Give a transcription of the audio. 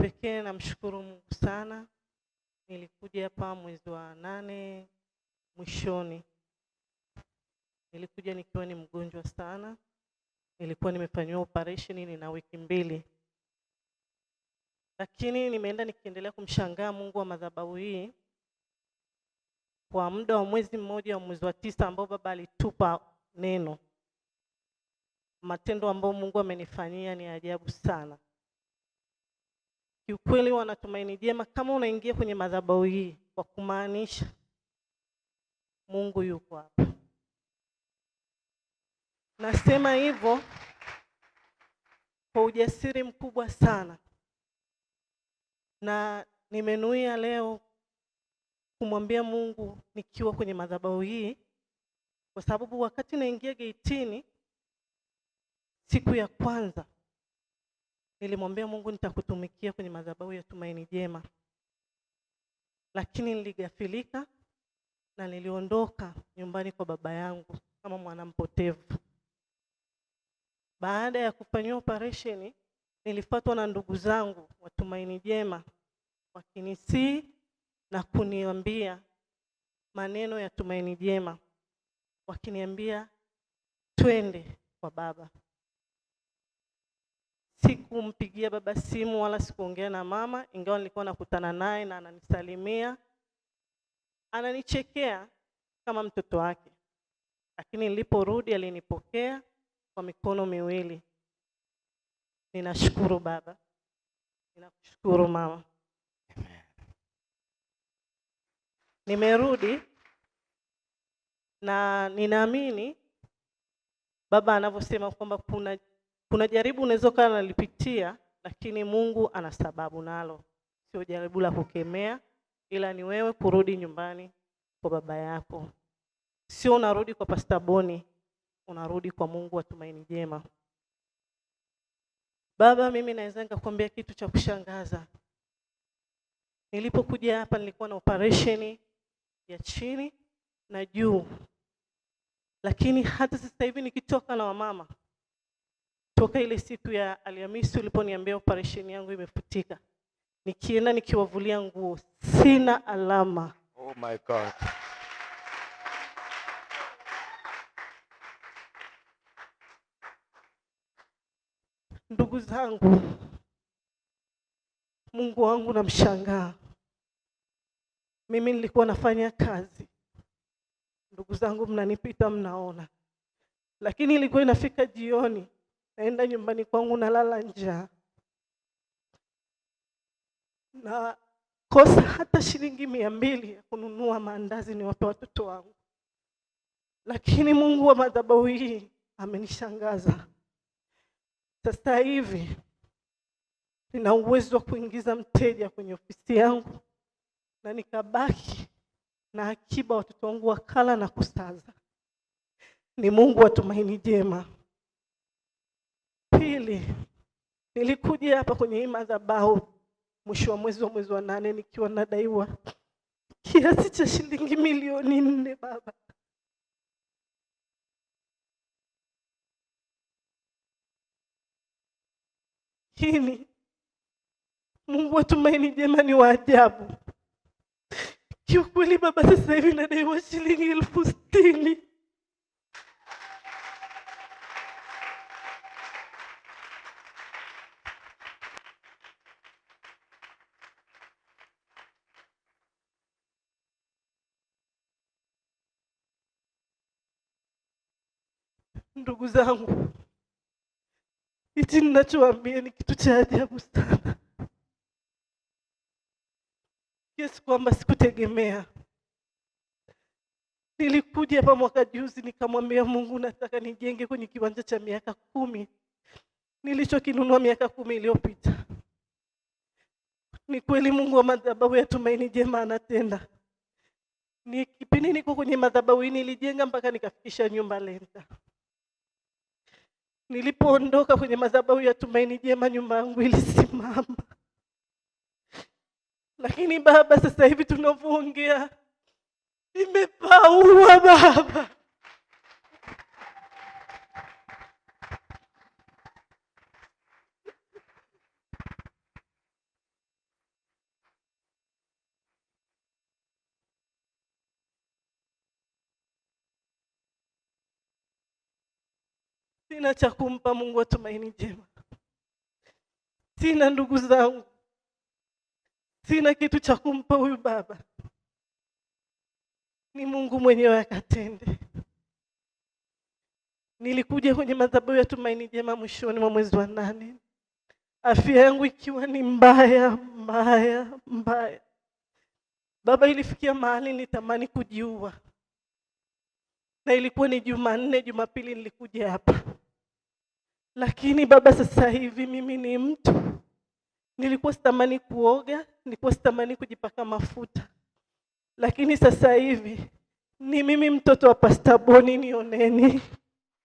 Kipekee namshukuru Mungu sana, nilikuja hapa mwezi wa nane mwishoni. Nilikuja nikiwa ni mgonjwa sana, nilikuwa nimefanyiwa operesheni nina wiki mbili, lakini nimeenda nikiendelea kumshangaa Mungu wa madhabahu hii kwa muda wa mwezi mmoja wa mwezi wa tisa ambao baba alitupa neno. Matendo ambayo Mungu amenifanyia ni ajabu sana kiukweli wana tumaini jema. Kama unaingia kwenye madhabahu hii kwa kumaanisha Mungu yuko hapa, nasema hivyo kwa ujasiri mkubwa sana, na nimenuia leo kumwambia Mungu nikiwa kwenye madhabahu hii, kwa sababu wakati naingia geitini siku ya kwanza Nilimwambia Mungu nitakutumikia kwenye madhabahu ya Tumaini Jema, lakini niligafilika na niliondoka nyumbani kwa baba yangu kama mwanampotevu. Baada ya kufanyiwa operesheni, nilifuatwa na ndugu zangu wa Tumaini Jema wakinisii na kuniambia maneno ya Tumaini Jema, wakiniambia twende kwa baba. Sikumpigia baba simu wala sikuongea na mama, ingawa nilikuwa nakutana naye na ananisalimia, ananichekea kama mtoto wake. Lakini niliporudi alinipokea kwa mikono miwili. Ninashukuru baba, ninakushukuru mama. Nimerudi na ninaamini baba anavyosema kwamba kuna kuna jaribu unaweza ukawa nalipitia, lakini Mungu ana sababu nalo. Sio jaribu la kukemea, ila ni wewe kurudi nyumbani kwa baba yako. Sio unarudi kwa Pastor Boni, unarudi kwa Mungu wa tumaini jema. Baba, mimi naweza nikakwambia kitu cha kushangaza. Nilipokuja hapa nilikuwa na operesheni ya chini na juu, lakini hata sasa hivi nikitoka na wamama toka ile siku ya Alhamisi uliponiambia operesheni yangu imefutika, nikienda nikiwavulia nguo, sina alama. Oh my God. Ndugu zangu, Mungu wangu namshangaa. Mimi nilikuwa nafanya kazi, ndugu zangu, mnanipita mnaona, lakini ilikuwa inafika jioni naenda nyumbani kwangu nalala njaa, kosa hata shilingi mia mbili ya kununua maandazi niwape watoto wangu. Lakini Mungu wa madhabahu hii amenishangaza. Sasa hivi nina uwezo wa kuingiza mteja kwenye ofisi yangu na nikabaki na akiba, watoto wangu wakala na kusaza. Ni Mungu wa tumaini jema. Pili, nilikuja hapa kwenye hii madhabahu mwisho wa mwezi wa mwezi wa nane nikiwa nadaiwa kiasi cha shilingi milioni nne baba. kini Mungu wa tumaini jema ni wa ajabu kiukweli baba, sasa hivi nadaiwa shilingi elfu sitini Ndugu zangu, hichi ninachowaambia ni kitu cha ajabu sana kiasi kwamba sikutegemea. Nilikuja hapa mwaka juzi, nikamwambia Mungu, nataka nijenge kwenye kiwanja cha miaka kumi nilichokinunua miaka kumi iliyopita. Ni kweli Mungu wa madhabahu ya Tumaini Jema anatenda. Ni kipindi niko kwenye madhabahu hii nilijenga mpaka nikafikisha nyumba lenta Nilipoondoka kwenye madhabahu ya Tumaini Jema, nyumba yangu ilisimama. Lakini Baba, sasa hivi tunavyoongea, imepaua Baba. sina cha kumpa Mungu wa tumaini jema, sina ndugu zangu, sina kitu cha kumpa huyu baba. Ni Mungu mwenyewe akatende. Nilikuja kwenye madhabahu ya tumaini jema mwishoni mwa mwezi wa nane, afya yangu ikiwa ni mbaya mbaya mbaya. Baba, ilifikia mahali nitamani kujiua, na ilikuwa ni Jumanne, Jumapili nilikuja hapa lakini baba, sasa hivi mimi ni mtu, nilikuwa sitamani kuoga, nilikuwa sitamani kujipaka mafuta, lakini sasa hivi ni mimi mtoto wa Pastor Boni, nioneni.